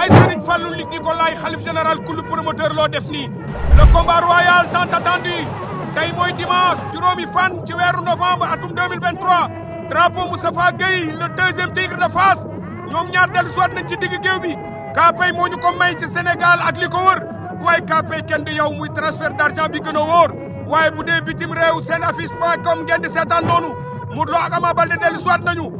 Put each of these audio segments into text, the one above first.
ay Serigne Fallou Luc Nicolaï xalif général kulub promoteur loo def nii le combat royal tant attendu tey mooy dimanche juróomi fan ci weeru novembre atum 2023 drapeau Moustapha Gueye le deuxième tigre de Fass ñoom ñaar dellu soit nañ ci digg géew bi Kapay moo ñu ko may ci Sénégal ak li ko wër waaye Kapay kenn du yow muy transfert d'argent bi gën a wóor waaye bu dee bitim réew seen affiche point com ngeen di seetaan noonu Modou Lo ak Ama Baldé dellu soit nañu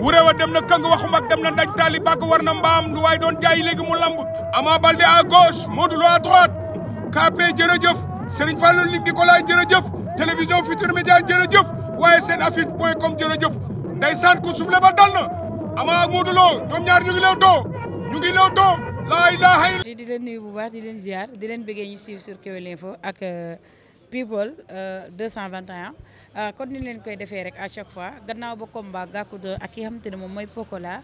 wurewa dem na kang waxu dem na ndañ taali bàgg na mbaam lu waay doon jaay léegi mu lamb Ama Baldé à gauche Modou Lo à droite KP jërëjëf Serigne Fallou li Nicolas jërëjëf télévision Futurs Médias jërëjëf waaye seen affiche point com jërëjëf ndeysaan ku suufle ba dal na Ama ak Modou ñaar ñu ngi lew too ñu lew too laa ilaha illa di leen nuyu bu baax di leen ziar di leen bëggee ñu suivre sur Kewel Info ak euh, People 221 euh, kon euh, ni leen koy defee rek à chaque fois gannaaw ba combat Gackou 2 ak yi xam ne moom mooy Pokola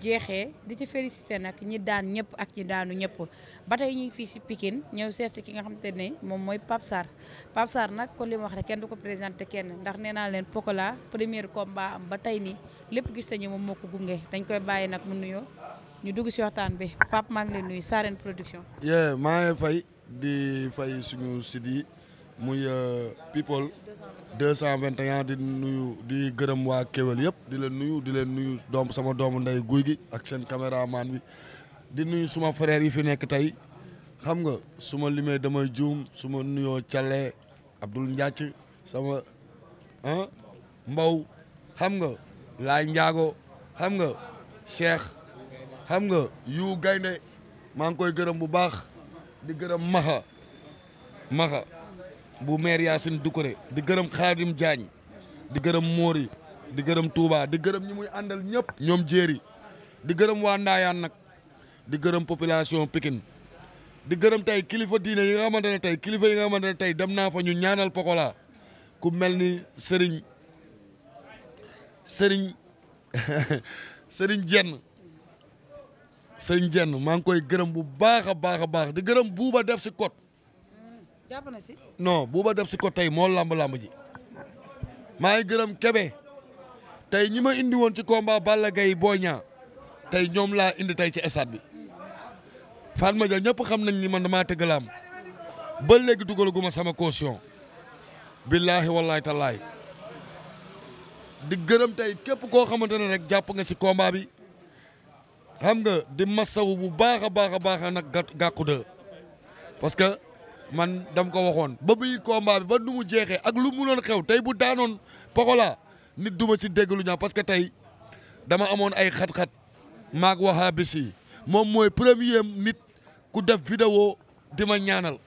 jeexee di ci félicité nag ñi daan ñëpp ak ñi daanu ñëpp ba tey ñu ngi fii si Pikine ñëw seet si ki nga xam te ne moom mooy Pape Sarr Pape Sarr nag ko li mu wax rek kenn du ko présenté kenn ndax nee naa leen Pokola premier combat am ba tey nii lépp gis nañu moom moo ko gunge dañ koy bàyyi nag mun nuyoo ñu dugg si waxtaan bi Pape maa ngi leen nuyu Sarène Production. yee maa ngi fay di muy euh, people 221 di nuyu di gërëm waa kéwél yëpp di leen nuyu di leen nuyu doom sama doomu ndey guy gi ak seen caméraman bi di nuyu suma freer yi fi nekk tey xam nga suma ma limee damay juum su ma nuyoo Cale Abdul Ndiac sama ah Mbow xam nga Laay Njaago xam nga Cheikh xam nga yu gaynde maa ngi koy gërëm bu baax di gërëm Maxa Maxa bu maire Yacine Doucouré di gërëm Khadim jaañ di gërëm Mori di gërëm Touba di gërëm ñi muy àndal ñëpp. ñoom jéeri di gërëm waa Ndayane nag di gërëm population pikin di gërëm tey kilifa diine yi nga xamante ne tey kilifa yi nga xamante ne tey dem naa fa ñu ñaanal Pokola ku mel ni sëriñ sëriñ sëriñ Dieng Serigne Dieng maa ngi koy gërëm bu baax a baax a baax di gërëm buuba def si kot. jàpp na si. non buuba def si ko tey moo lamb lamb ji maa ngi gërëm kebe tey ñi ma indi woon ci combat Balla Gaye Boy Niang tey ñoom laa indi tey ci stade bi Fatma Dia ñëpp xam nañ ni man damaa tëgg ba léegi ma sama caution billaahi wallaahi tallaahi di gërëm tey képp koo xamante ne rek jàpp nga ci combat bi xam nga di masawu bu baax a baax a baax nag gàkku de man dam ko waxoon ba muy combat bi ba du mu jeexee ak lu mu doon xew tey bu daanoon Pokola nit du ma si dégg lu ñaaw parce que tey dama amoon ay xat-xat maag waxaa bisi moom mooy premier nit ku def vidéo di ma ñaanal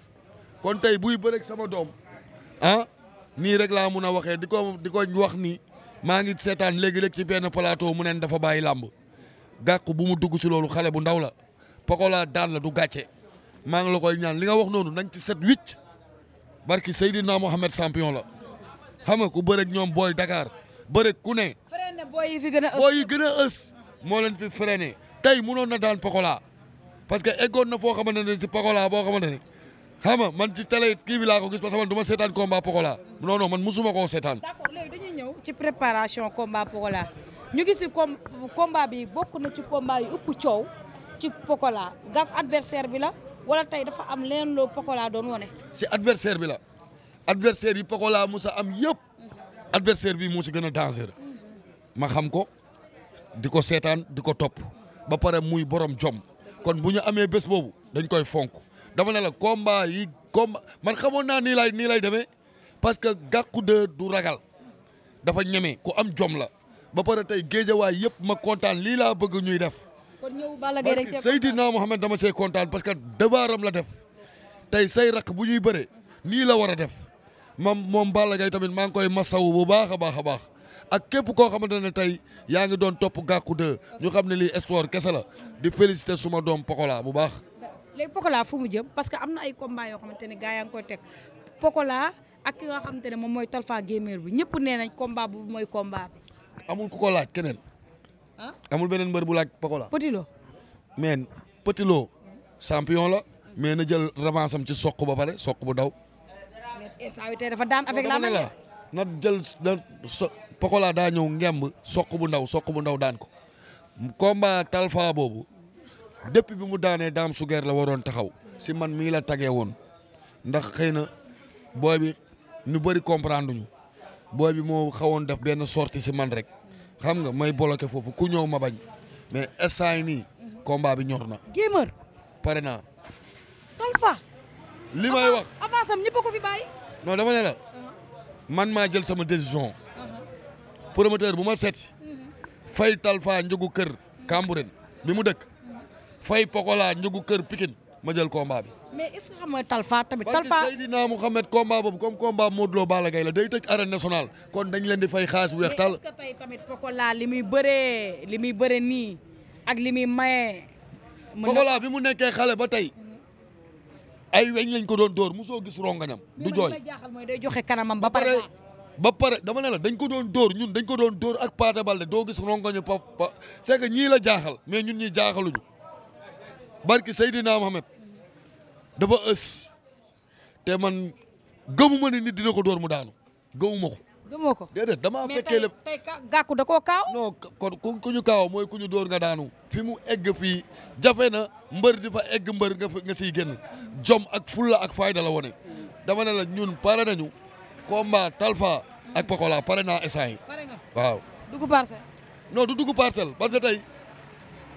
kon tey buy bëreeg sama doom ah nii rek laa mun a waxee di ko di ko wax ni maa ngi seetaan léegi-léeg ci benn plateau mu neen dafa bàyyi làmb gàkku bu mu dugg si loolu xale bu ndaw la Pokola daan la du gàcce maa ngi la koy ñaan li nga wax noonu nañ ci set wicc barki Seydina Mohamed champion la xam nga ku bëreeg ñoom booy dakaar bëreeg ku ne. freiné booy yi fi gën a ës. booy yi gën a ës moo leen fi freiné tey munoon na daan Pokola parce que egoon na foo xamante ne ci Pokola boo xamante ne xam man ci télé kii bi laa ko gis parce que man du ma seetaan combat Pokola non non man musuma koo seetaan. d'accord léegi dañuy ñëw ci préparation combat Pokola ñu gis ci combat bi bokk na ci combat ëpp coow ci Pokola gàpp bi la. wala tey dafa am leen loo Pokola doon wane. si adversaire bi la adversaire yi mu sa am yëpp adversaire bi moo si gën a dangereux ma xam ko di ko seetaan di ko topp ba pare muy borom jom kon bu ñu amee bés boobu dañ koy fonk dama ne la combat yi combat man xamoon naa nii lay nii lay demee parce que Gackou 2 du ragal dafa ñeme ku am jomla ba pare tey géejawaay yëpp ma kontaan lii laa bëgg ñuy def. kon ñëw Balla Gaye rek Seydina Mohamed dama see kontaan parce que dabaaram la def tey say rakk bu ñuy bëre nii la war a def moom moom Balla Gaye tamit maa ngi koy masawu bu baax a baax a baax ak képp koo xamante ne tey yaa ngi doon topp gàkku de ñu xam ne lii espoir kese la di féliciter suma doom Pokola bu baax. léegi Pokola fu mu jëm parce que am na ay combat yoo xamante ne gaa yaa ngi koy teg Pokola ak ki nga xamante ne moom mooy tal Talfa Guémér bi ñëpp nee nañ combat bu mooy combat bi. amul ku laaj keneen. amul beneen mbër bu laaj Pokola. Petit Lo mais Petit Lo la mais na jël revanche ci soq ba pare soq bu daw. mais dafa daan avec la main na jël na Pokola daa ñëw ngemb soq bu ndaw soq bu ndaw daan ko. combat Talfa boobu depuis bi mu daanee daam sugeer la waroon taxaw si man mii la tagee woon ndax xëy na booy bi ñu bëri comprendre ñu booy bi moo xawoon def benn sorti si man rek. xam nga may bloqué foofu ku ñëw ma bañ mais instant yi nii combat bi ñor na. pare naa. Talfa. li may wax avance am ñëpp ko fi bàyyi. non dama ne man maa jël sama décision promoteur bu ma seet fay Talfa njëgu kër Cambérène bi mu dëkk fay Pokola njëgu kër Pikine ma jël combat bi. mais est ce que xam nga Talfa tamit. Talfa barke Seydina Mouhamed combat boobu comme combat Modou Lo Balla la day tëj arène nationale kon dañ leen di fay xaas bu weex tal. mais est ce que li muy bëree li muy bëree nii ak li muy maye. Pokola bi mu nekkee xale ba tey. ay weñ lañ ko doon dóor musoo gis rongañam du jooy mais jaaxal mooy day joxe kanamam ba pare. ba pare dama ne la dañ ko doon dóor ñun dañ ko doon dóor ak Paate Balde doo gis rongañu pa pa c'est que ñii la jaaxal mais ñun ñi jaaxaluñu barki Seydina Mohamed. dafa ës te man gëmuma ni nit dina ko door mu daanu gëmuma ko. gëmoo ko déedéet damaa fekkee lépp kaaw. non kon ku ñu kaaw mooy ku ñu door nga daanu. fi mu egg fii jafe na mbër di fa egg mbër nga nga siy génn jom ak fulla ak fayda la wone dama ne la ñun pare nañu combat Talfa ak Pokola pare naa essai. pare nga waaw. du dugg parcelle parce que tey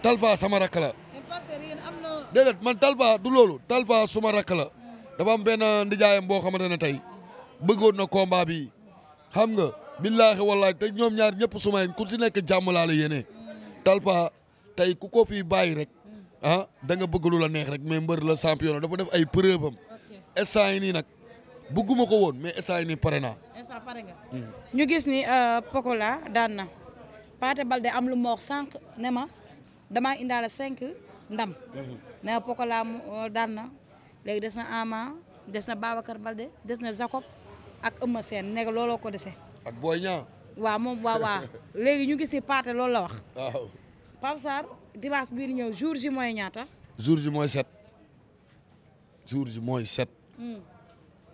Talfa sama rakk déedéet man Talfa du loolu Talfa suma rakk la dafa am benn ndijaayam boo xamante bëggoon na combat bi xam nga billaahi wallaahi te ñoom ñaar ñëpp suma ku si nekk jàmm laa la yéene Talfa tey ku ko fi bàyyi rek ah danga nga bëgg la neex rek mais mbër la champion dafa def ay preuve am instant yi nii nag bëgguma ko woon mais instant yi nii pare naa. Hmm. ñu gis ni euh, Pokola daan na Paate Balde am lu mu wax ne ma damaa indaale cinq. ndam. a mhm. na Pokola euh, daan na léegi des na Ama des na Babacar Balde des na Jacob ak Eumeu Sène nekk looloo ko dese. ak Boy Niang. moom waaw waaw léegi ñu gis ni Pathé lool la wax. waaw Pape Sarr dimanche bii di ñëw jour ji mooy ñaata. jour ji mooy set. jour ji mooy set. Hmm.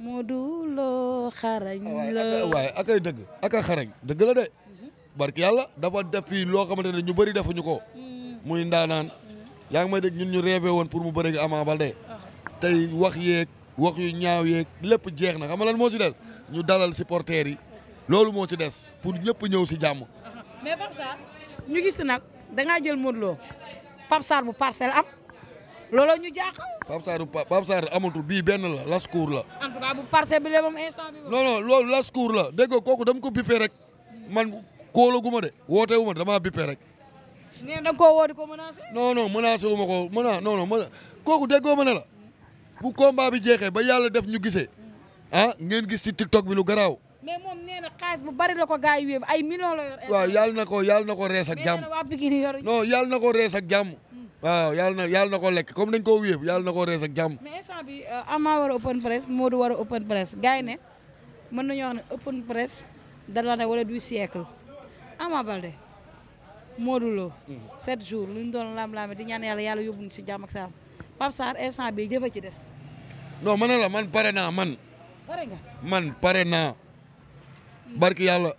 Modou xarañ ah, la waaye ak dëgg ak ay xarañ dëgg la de. Mhm. barki yàlla dafa def fii loo xamante ne ñu bëri defuñu ko. Hmm. muy ndaanaan. yaa ngi ma de ñun ñu rêvé woon pour mu bëre ak Ama Baldé tey wax yeeg wax yu ñaaw yeeg lépp jeex na xam nga lan moo ci des ñu dalal supporters yi loolu moo ci des pour ñëpp ñëw si jàmm. ñu gis nag da ngaa jël Modou Lo Pape Sarr bu parcelle am looloo ñu jaaxal. Pape Sarr Pape Sarr amatul bii benn la la. en la cas bu parcelle de moom instant bi. non non loolu la dégg kooku dam ko bippé rek man kóolaguma de woote wu ma damaa bippé rek. nee na da nga ko menacé. non non menacé wu ma ko mena non non mena kooku déggoo ma ne la bu combat bi jeexee ba yàlla def ñu gisee ah ngeen gis si TikTok bi lu garaaw. mais na xaalis bu bari la ko gars yi ay millions la yor. waaw yàlla na ko yàlla na ko rees ak jàmm non yàlla na ko rees ak jàmm. Hmm. waaw na yàlla na ko lekk comme dañ koo wéyeef yàlla na ko rees ak jàmm. mais instant bi euh, Ama war a open press Modou war a open press gars yi ne mën nañoo wax ne open press dara la ne wala du siècle Modou Lo. 7 hmm. jour lu ñu doon lam-laame di ñaan yàlla yàlla yóbbuñu si jàmm ak salaam Pape Sarr instant a ci des. non ma ne la man pare naa man. pare man pare naa. Hmm. barki yàlla.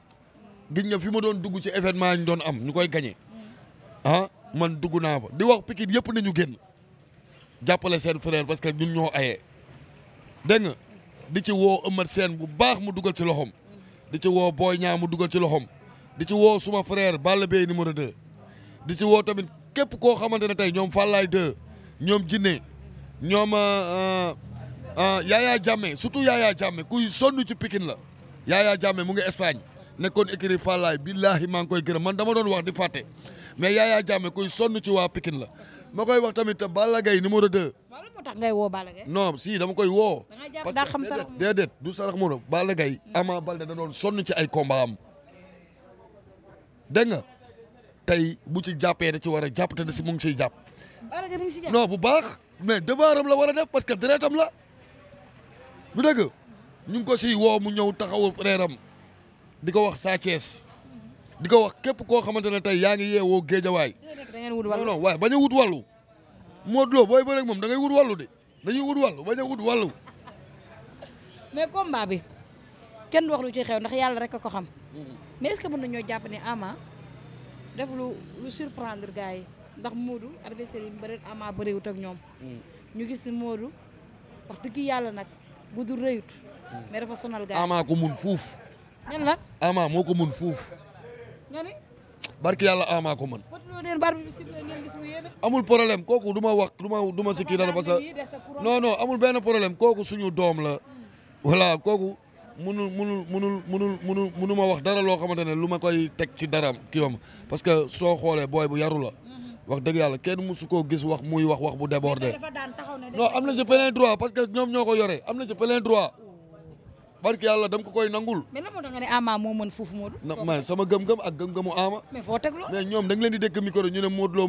gis nga fi ma doon dugg ci événement ñu doon am ñu koy gañe hmm. ah man dugg naa fa di wax Pikine yëpp na ñu génn jàppale seen frère parce que ñun ñoo ayee dégg di ci woo Eumeu seen bu baax mu dugal ci loxom di ci woo boo Niang mu dugal ci loxom di ci woo suma frère Balla Beye numéro 2 di ci woo tamit képp koo xamante ne tey ñoom Fallaye 2 ñoom Jinne ñoom euh, euh, euh, Yaya Jammeh surtout Yaya jàmme kuy sonn ci Pikine la Yaya Jammeh mu ngi Espagne nekkoon écurie Fallaye billaahi maa ngi koy gërëm man dama doon wax di fàtte mais Yaya Jammeh kuy sonn ci waa Pikine la ma koy wax tamit Balla Gaye numéro 2. wala moo woo Balla Gaye. si dama koy woo. da daa xam sarax déedéet du sarax moo Balla Gaye Ama Baldé da doon sonn ci ay combat dégg nga tey bu ci jàppee da ci war a jàpp te da si mu ngi siy jàpp. non bu baax mais debaaram la war a def parce que deretam la du dëgg ñu ngi ko siy woo mu ñëw taxawu reeram di ko wax Sa Thiès di ko wax képp koo xamante ne tey yaa ngi yeewoo géejawaay. non non waaye bañ wut wallu Modou Lo booy bëreeg moom da ngay wut wàllu de dañuy wut wàllu bañ a wut wàllu. mais combat bi. kenn du wax lu ci xew ndax yàlla rek ko xam mm-hmm. mais est-ce que nañoo jàpp ne Ama def lu lu surprendre gars yi ndax Modou adversaire yi bëri Ama bëriwut ak ñoom mm-hmm. ñu gis ni Modou wax dëgg yàlla nag bu du rëyut mm-hmm. dafa sonal gars yi Ama ko mun fuuf ñan la Ama moo ko mun fuuf nga ni barki yàlla Ama ko mën amul problème kooku du ma wax du ma du ma sikki amul benn problème kooku suñu doom la mm. voilà kooku mënul munu mënul mënul mënu ma wax dara loo xamante ne lu ma koy teg ci dara kii yoom parce que soo xoolee booy bu yaru wax dëgg yàlla kenn mësu koo gis wax muy wax wax bu débordé non am na ci plein droit parce que ñoom ñoo ko yore am na ci plein droit barki yàlla dama ko koy nangul. mais moo tax nga moo mën foofu Modou. mais sama gëm-gëm ak gëm-gëmu foo teg loolu ñoom dañ leen di dëkk micro ñu ne Modou Lo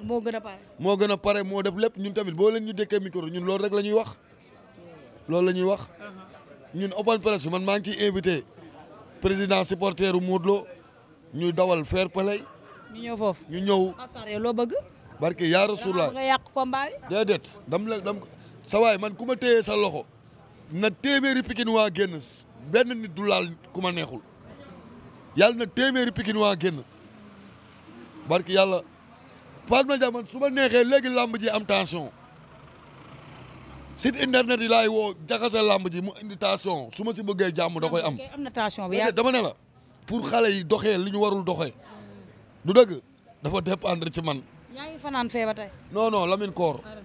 moo gën a pare. moo gën a pare moo def lépp ñun tamit boo leen ñu dëkkee micro ñu loolu rek la ñuy wax loolu la ñuy wax. Uh-huh. ñun open press man maa ngi ciy invité président supporteru Modou Lo ñu dawal fair play ñu ñëw foofu ñu ñëw. Massare loo bëgg. barke yaar Rasulullah nga yàq combat dam la dam sa waay man ku ma téye sa loxo na téeméeri pikin waa génn benn nit du laal ku ma neexul yàlla na téeméeri pikin waa génn barke yàlla Fatma Dia man su ma neexee léegi làmb ji am tension. site internet yi laay woo jaxase làmb ji mu indi tension su ma si bëggee jàmm da koy am. am na bi dama ne la pour xale yi doxee li ñu warul doxee du dëgg dafa dépendre ci man. yaa ngi fanaan fee ba Koor ah,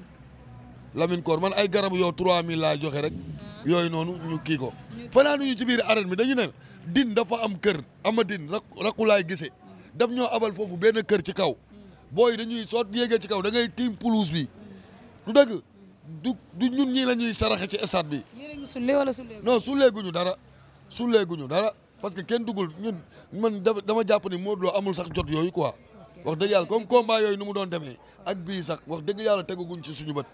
Lamine Koor man ay garab yow 3000 laa joxe rek ah. yooyu noonu ñu kii ko fanaan fanaanuñu ci biir arène mi dañu ne din dafa am kër ama din rak rakulaay gisee daf ñoo abal foofu benn kër ci kaw hmm. booy dañuy sot yéegee ci kaw da ngay tiim bi hmm. du dëgg. du du ñun ñii la ñuy saraxe ci stade bi. non sulleeguñu dara sulleeguñu dara parce que kenn dugul ñun man dama jàpp ni Modou Lo amul sax jot yooyu quoi wax dëgg yàlla comme combat yooyu nu mu doon demee ak bii sax wax dëgg yàlla teguguñ ci suñu bët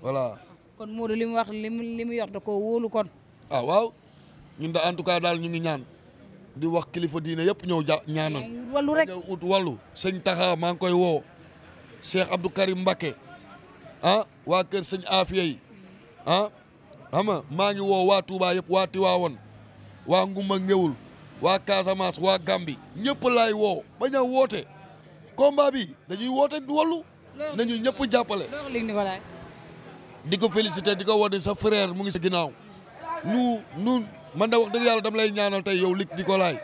voilà. kon Modou li mu wax li mu li mu yor koo wóolu kon. a ah, waaw ñun da en tout cas daal ñu ngi ñaan di wax kilifa diine yëpp ñëw ja ñaanal. wallu rek ut wallu sëñ Taxa maa ngi koy woo Cheikh Abdou Karim Mbacké ah waa kër sëñ Afia yi ah xam maa ngi woo waa Touba yëpp waa Tiwaawoon waa Ngumba Ngewul waa Casamance waa Gambi ñëpp laay woo bañ a woote combat bi dañuy woote wallu nañu ñëpp jàppale. di ko félicité di ko wane sa frère mu ngi si ginnaaw nu nu man da wax dëgg yàlla dam lay ñaanal tey yow lig di ko laay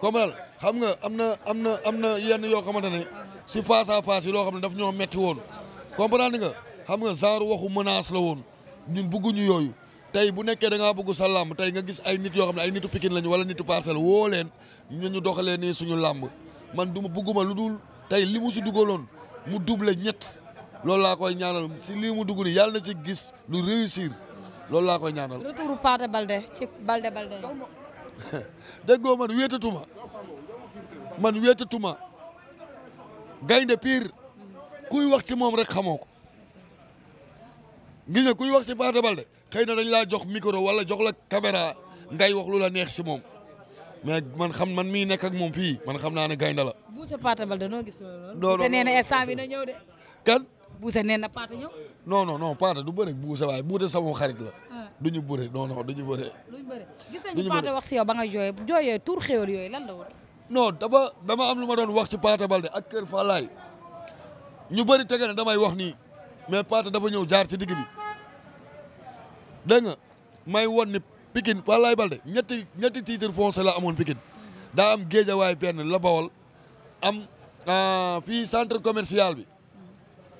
comme xam nga am na am na am na yenn yoo xamante ne si face à face yi loo xam ne daf ñoo metti woon. comprendre nga xam nga genre waxu menace la woon ñun bëgguñu yooyu tey bu nekkee da ngaa bëgg sa làmb tey nga gis ay nit yoo xam ne ay nitu Pikine lañu wala nitu parcelle woo leen ñu ñu doxalee nii suñu làmb man du ma bëgguma lu dul tey li mu si dugaloon mu double ñett loolu laa koy ñaanal si lii mu dugg nii yàlla na ci gis lu réussir loolu laa koy ñaanal. retouru Pathé Baldé ci Baldé Baldé. déggoo man wéetatuma man wéetatuma gaynde pire. kuy wax ci moom rek xamoo ko gis nga kuy wax ci Pathé Baldé xëy na dañ laa jox micro wala jox la caméra ngay wax lu la neex si moom mais man xam man mii nekk ak moom fii man xam naa ne gaynde la. Bousse Pathé Baldé noo gis loolu. non nee na instant bi na ñëw de. kan. Bousse nee na Pathé ñëw. non non non du bëre Bousse waaye Bousse sama xarit la. Ah. du ñu bëre non non du ñu bëre. duñu bëre gis nañu wax si yow ba nga jooyee jooyee tur xéwal yooyu lan la woon. non dama dama am lu ma doon wax si paata Baldé ak Kër Falaye ñu bëri tege damay wax nii mais Pathé dafa ñëw jaar ci digg bi dégg nga may won ni Pikine Falaye Baldé ñetti ñetti titre foncier la amoon Pikine daa am Géejawaay benn la Bawol am ah, fii centre commercial bi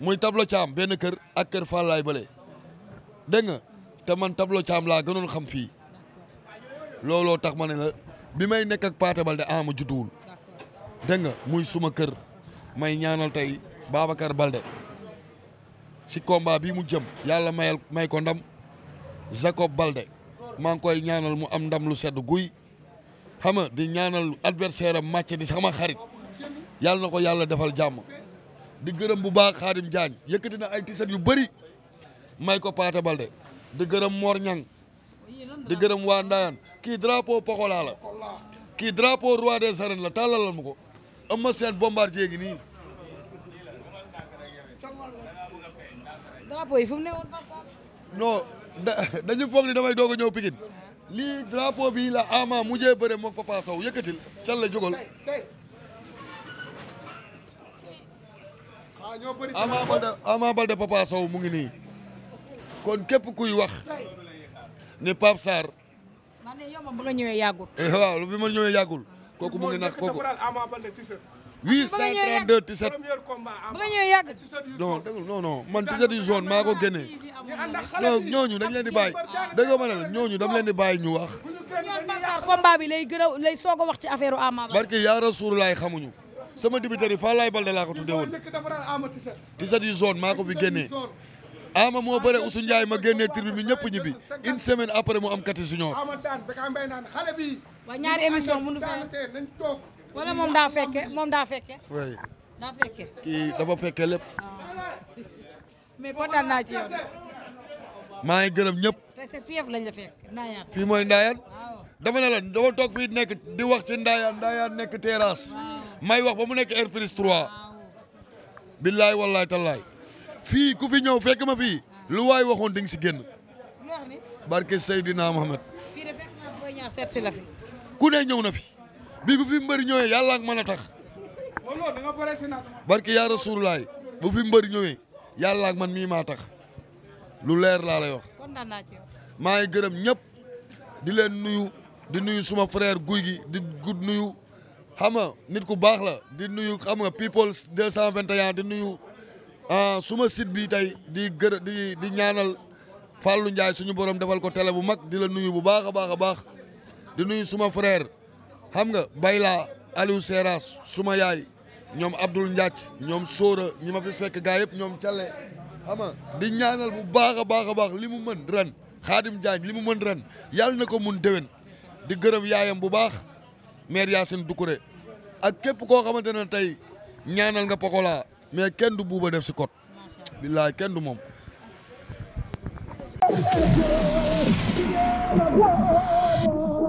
muy tableau Thiam benn kër ak kër Falaye Baldé dégg nga te man tableau Thiam laa gënoon xam fii looloo tax ma ne la bi may nekk ak Pathé Baldé ama ah, judduwul dégg nga muy suma kër may ñaanal tey Babacar Balde si combat bi mu jëm yàlla mayal mayko ndam Jacob Balde maa ngi koy ñaanal mu am ndam lu sedd guy xam di ñaanal adversaire am match di sama xarit yàlla na ko yàlla defal jàmm di gërëm bu baax Xaadim Jaañ yëkkati na ay tisat yu bëri may ko Paate Balde di gërëm Mor Ñang di gërëm waa Ndayaan kii drapeau Pokola la kii drapeau roi des arènes la tàllalal ma ko am ma seen bombardier gi drapeau yi fu mu ne woon non dañu foog ni damay doog a ñëw Pikine lii drapeau bi la ama mujjee bëre moog Papa Sow yëkkatil cal la jógal ah, Ama Baldé Ama Baldé mu ngi nii kon képp kuy wax ni Pape Sarr eh, waaw bi ma ñëwee yàggul kooku mu ngi nax 832 17. ba nga ñëwee yàgg. non dégg non non man 17 yu zone maa ko génne. non dañ leen di bàyyi déggoo ma ne la ñooñu dam leen di bàyyi ñu wax. combat bi lay gën a lay soog a wax ci affaire Ama Baldé. barke yaa Rasulullaay xamuñu. sama dibitari fa laay Baldé laa ko tuddee woon. 17 yu zone maa ko fi génnee. Ama moo bëre Ousseynou Ndiaye ma génnee tribune bi ñëpp ñibbi une semaine après mu am kati junior. waaw ñaari émission mënu fee. wala moom daa fekke moom daa fekke kii dafa fekke lépp. Ah. mais maa ngi gërëm ñëpp. te la fekk Ndayane. fii mooy Ndayane. dama ne la dama toog fii nekk di wax ci Ndayane Ndayane nekk terrasse. may wax ba mu nekk air prise 3. billaay wallaay tallaay. fii ku fi ñëw fekk ma fii. lu waay waxoon di si génn. barke Seydina Mohamed. ku ne ñëw na fi. bi bu fi mbër ñëwee yàlla ak mën a tax. barki yaa rasuulaay bu fi mbër ñëwee yàlla ak man mii maa lu leer laa lay wax. maa ngi gërëm ñëpp di leen nuyu di nuyu suma frère guy gi di gudd nuyu xam nga nit ku baax la di nuyu xam nga people 221 di nuyu ah, suma site bi tey di gërë di di ñaanal Fallou Ndiaye suñu borom defal ko télé bu mag di la nuyu bu baax a baax a baax di nuyu suma frère. xam nga Bayla Aliou Seras suma yaay ñoom Abdoul Ndiac ñoom Sóora ñi ma fi fekk gaa yëpp ñoom Calle xam di ñaanal bu baax a baax a baax li mu mën ren Khadim Diagne li mu mën ren yàlla na ko mun déwén di gërëm yaayam bu baax maire Yacine Doucouré ak képp koo xamante ne tey ñaanal nga Pokola mais kenn du buuba def si kot billaay kenn du moom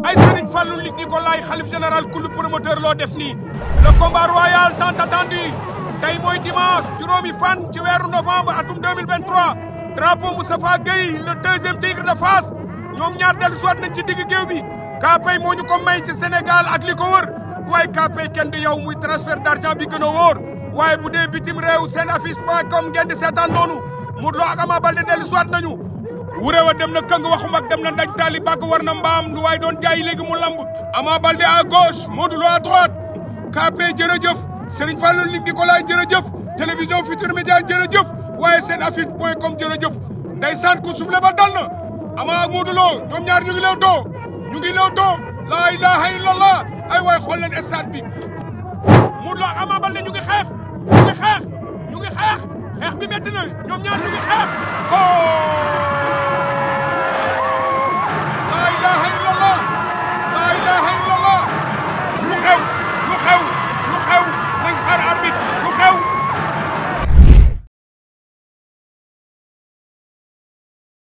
ay Serigne Fallou Luc Nicolaï xalif général kulu promoteur loo def nii le combat royal tant attendu tey mooy dimanche yi fan ci weeru novembre atum 2023 drapeau Moustapha Gueye le deuxième tigre de Fass ñoom ñaar dellu soit nañ ci digg géew bi Kaapay moo ñu ko may ci Sénégal ak li ko wër waaye Kaapay kenn du yow muy transfert d'argent bi gën a wóor waaye bu dee bitim réew seen affiche point com ngeen di seetaan noonu Modou Lo ak Ama Baldé dellu soit wurewa dem na këng waxum ak dem na ndaj taali bàgg war na mbaam du waay doon jaay léegi mu lamb Ama Baldé a gauche Modou Lo à droite KP jërëjëf a Fallou Luc Nicolaï jërëjëf télévision Futurs Médias jërëjëf waaye seen affiche point com jërëjëf ndeysaan ku soufflé ba dal na Ama ak ñoom ñaar ñu ngi lew too ñu ngi lew too laa ilaha illallah ay waay xool leen stade bi Modou Lo Ama Baldé ñu ngi xeex ñu ngi xeex xeex bi métti na ñoom ñaar ñu ngi xaar arbitre